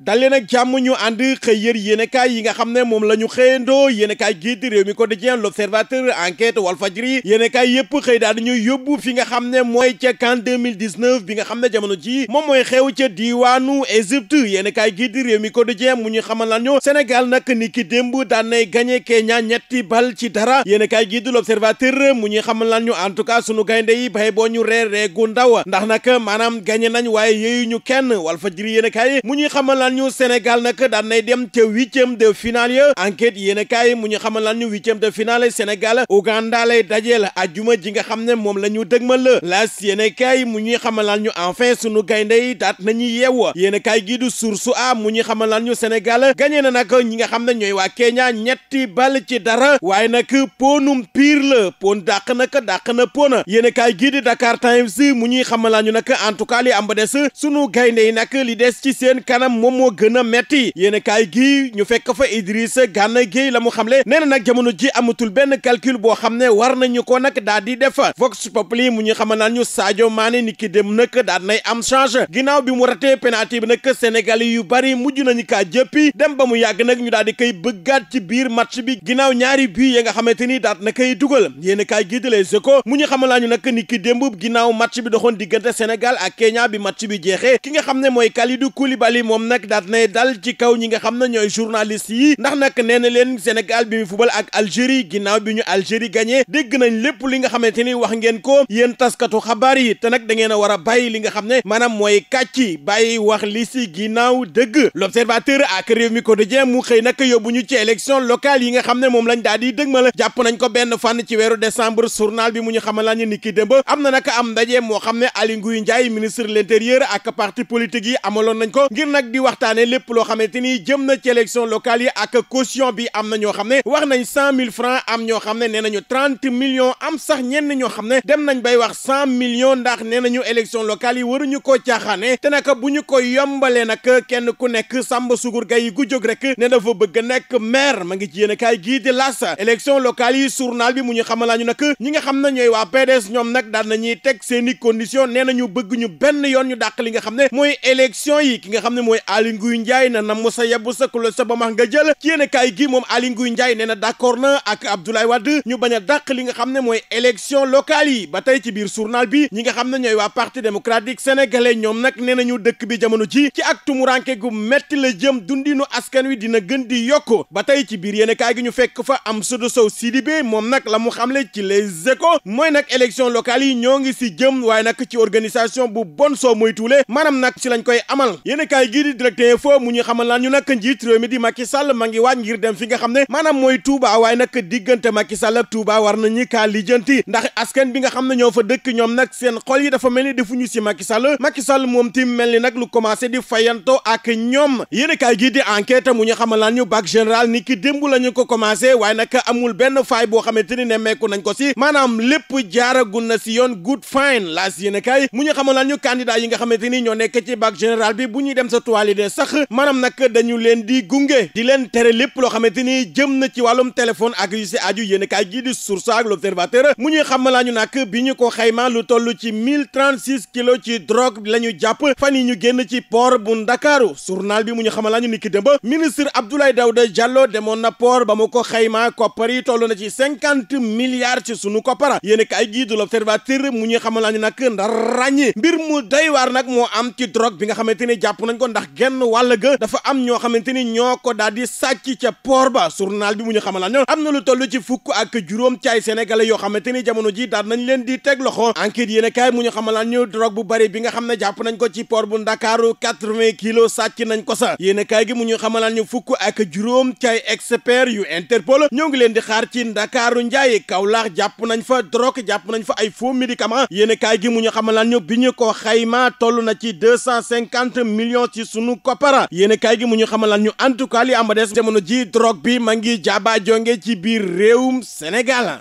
dalee nag jàmm ñu ànd xëy yër yéenekaay yi nga xam ne moom la ñu xëyandoo yéenekaay gii di réew mi quotidien wal enquête walfajri yéenekaay yépp xëy daal di ñu yóbbu fi nga xam ne mooy ca CAN 2019 bi nga xam ne jamono ji moom mooy xew ca diiwaanu Égypte yéenekaay gii di réew mi quotidien mu ñu xamal lan ñu Sénégal nag ni ki démb daan nay gagné Kenya ñetti bal ci dara yéenekaay gii di l'observateur mu ñuy xamal lan ñu en tout cas sunu gaynde yi bay boo ñu reer reegu ndaw ndax nag maanaam gagné nañ waaye yooyu ñu kenn walfajri yéenekaay mu xamal ñu Sénégal nag daan nay dem ca huitième de finale ya enquête yéen a kaay mu ñu xamal lan ñu huitième de finale Sénégal Ouganda lay dajeel ajuma ji nga xam ne moom la ñu dëgmal la laas yéen a mu ñuy xamalaan lan ñu enfin sunu gaynde yi daat nañu yeew yéen a kaay gii du source a mu ñuy xamalaan ñu Sénégal gagné na nag ñi nga xam na ñooy waa Kenya ñetti bal ci dara waaye nag ponum pire la pon dàq nag dàq na pon yéen a kaay gii Dakar Times mu ñuy xamal ñu nag en tout cas li am ba des sunu gaynde yi nag li des ci seen kanam moo gën a metti yéen kaay gi ñu fekk fa Idrissa Gana Gueye la mu xamle nee na nag jamono ji amatul benn calcul boo xam ne war nañu ko nag daal di def Vox Populi mu ñu xamal naan ñu Sadio Mané ni ki dem nag daal nay am change ginnaw bi mu ratee penalty bi nag Sénégal yu bari mujj nañu kaa jëppi dem ba mu yàgg nag ñu daal di koy bëggaat ci biir match bi ginnaaw ñaari bi ya nga xamante ni daal na koy dugal yéen kaay gi di Les Échos mu ñu xamal ñu nag ni ki démb ginnaaw match bi doxoon diggante Sénégal ak Kenya bi match bi jeexee ki nag daat nay dal ci kaw ñi nga xam ne ñooy journaliste yi ndax nag nee na leen Sénégal bi mu fubal ak Algérie ginnaaw bi ñu Algérie gagné dégg nañ lépp li nga xamante ni wax ngeen ko yéen taskatu xabaar yi te nag da ngeen a war a bàyyi li nga xam ne maanaam mooy kàcci bàyyi wax li si ginnaaw dëgg l'observateur ak réew mi quotidien mu xëy nag yóbbu ñu ci élection locale yi nga xam ne moom lañ daal di la jàpp nañ ko benn fànn ci weeru décembre journal bi mu ñu xamal ni ki démb am na am ndaje moo xam ne Aly Ngouille Ndiaye ministre de l'intérieur ak parti politique yi amaloon nañ ko ngir waxtaane lépp loo xamante ni jëm na ci élection locale yi ak caution bi am na ñoo xam ne wax nañ cent mille francs am ñoo xam ne nee nañu trente millions am sax ñenn ñoo xam ne dem nañ bay wax cent millions ndax nee nañu élection locale yi waruñu ko caaxaane te nag bu ñu ko yombalee nag kenn ku nekk Samba Sugur Gay ku jóg rek ne dafa bëgg nekk maire ma ngi ci yéen a kaay gii di las élection locale yi journal bi mu ñu xamal ñu nag ñi nga xam ne ñooy waa PDS ñoom nag daan nañuy teg seen i condition nee nañu bëgg ñu benn yoon ñu dàq li nga xam ne mooy élection yi ki nga xam ne mooy Aly Ngouille Ndiaye na na mu sa yebbu sa ku sa ba max nga jël ci yéen gi moom Aly Ngouille Ndiaye nee na d'accord na ak Abdoulaye Wade ñu bañ a dàq li nga xam ne mooy élection locale yi ba tey ci biir journal bi ñi nga xam ne ñooy waa parti démocratique sénégalais ñoom nag nee nañu dëkk bi jamono ji ci ak tumuranke gu metti la jëm dundinu askan wi dina gën di yokk ba tey ci biir yéen gi ñu fekk fa am sodo sow Sidibé moom nag la mu xam xamle ci les échos mooy nag élection locale yi ñoo ngi si jëm waaye nag ci organisation bu bon soo moytuwule maanaam nag si lañ koy amal nag téyefoo mu ñu xamal laan ñu nag njiit réew mi di Macky Sall ma ngi waaj ngir dem fi nga xam ne maanaam mooy Touba waaye nag diggante Macky Sall ak Touba war nañu kaa lijjanti ndax askan bi nga xam ne ñoo fa dëkk ñoom nag seen xool yi dafa mel ni defuñu si Macky Sall Macky Sall moom tim mel ni nag lu commencé di fayanto ak ñoom yéen kaay gii di enquête mu ñu xamal laan ñu bac général ni ki démb la ñu ko commencé waaye nag amul benn faay boo xamante ni nemmeeku nañ ko si maanaam lépp jaaragun na si yoon good fine laas yéen kaay mu ñu xamal laan ñu candidat yi nga xamante ni ñoo nekk ci bac général bi bu ñuy dem sa toile de sax maanaam nag dañu leen di gunge di leen tere lépp loo xamante ni jëm na ci wàllum téléphone ak yu si aju yéen kaay gii di source ak l'observateur mu ñuy xam laañu nag bi ñu ko xayma lu toll ci mille trente six kilos ci drogue la ñu jàpp fan yi ñu génn ci port bu Ndakaaru journal bi mu ñu xamal laañu ni ki démb ministre Abdoulaye Daouda Diallo demoon na port ba mu ko xayma koppar yi toll na ci cinquante milliards ci sunu koppara yéen kaay gii di l'observateur mu ñuy xamal laañu nak ndax ràññi mbir mu day waar nag moo am ci drogue bi nga xamante ni jàpp nañ ko ndax genn wàll ga dafa am ñoo xamante ni ñoo ko daal di sàcc ca port ba journal bi mu ñu xamalaan ñoom am na lu toll ci fukk ak juróom ci ay sénégalais yoo xamante ni jamono ji daal nañ leen di teg loxo enquête yéen a mu ñu xamalaan ñu a fukk ak juróom ci ay yu interpol ñoo ngi leen di xaar ci ndakaaru njaay kawlax jàpp nañ fa drogue jàpp nañ fa ay faux médicament yéen a kaay gi mu ñu xamalaan bi ñu ko xayma toll na ci 250 ci sunu koppara yéen a gi mu ñu xamal ñu en tout cas li am ba des jamono ji drogue bi ma ngi jaaba jonge ci biir réewum Sénégal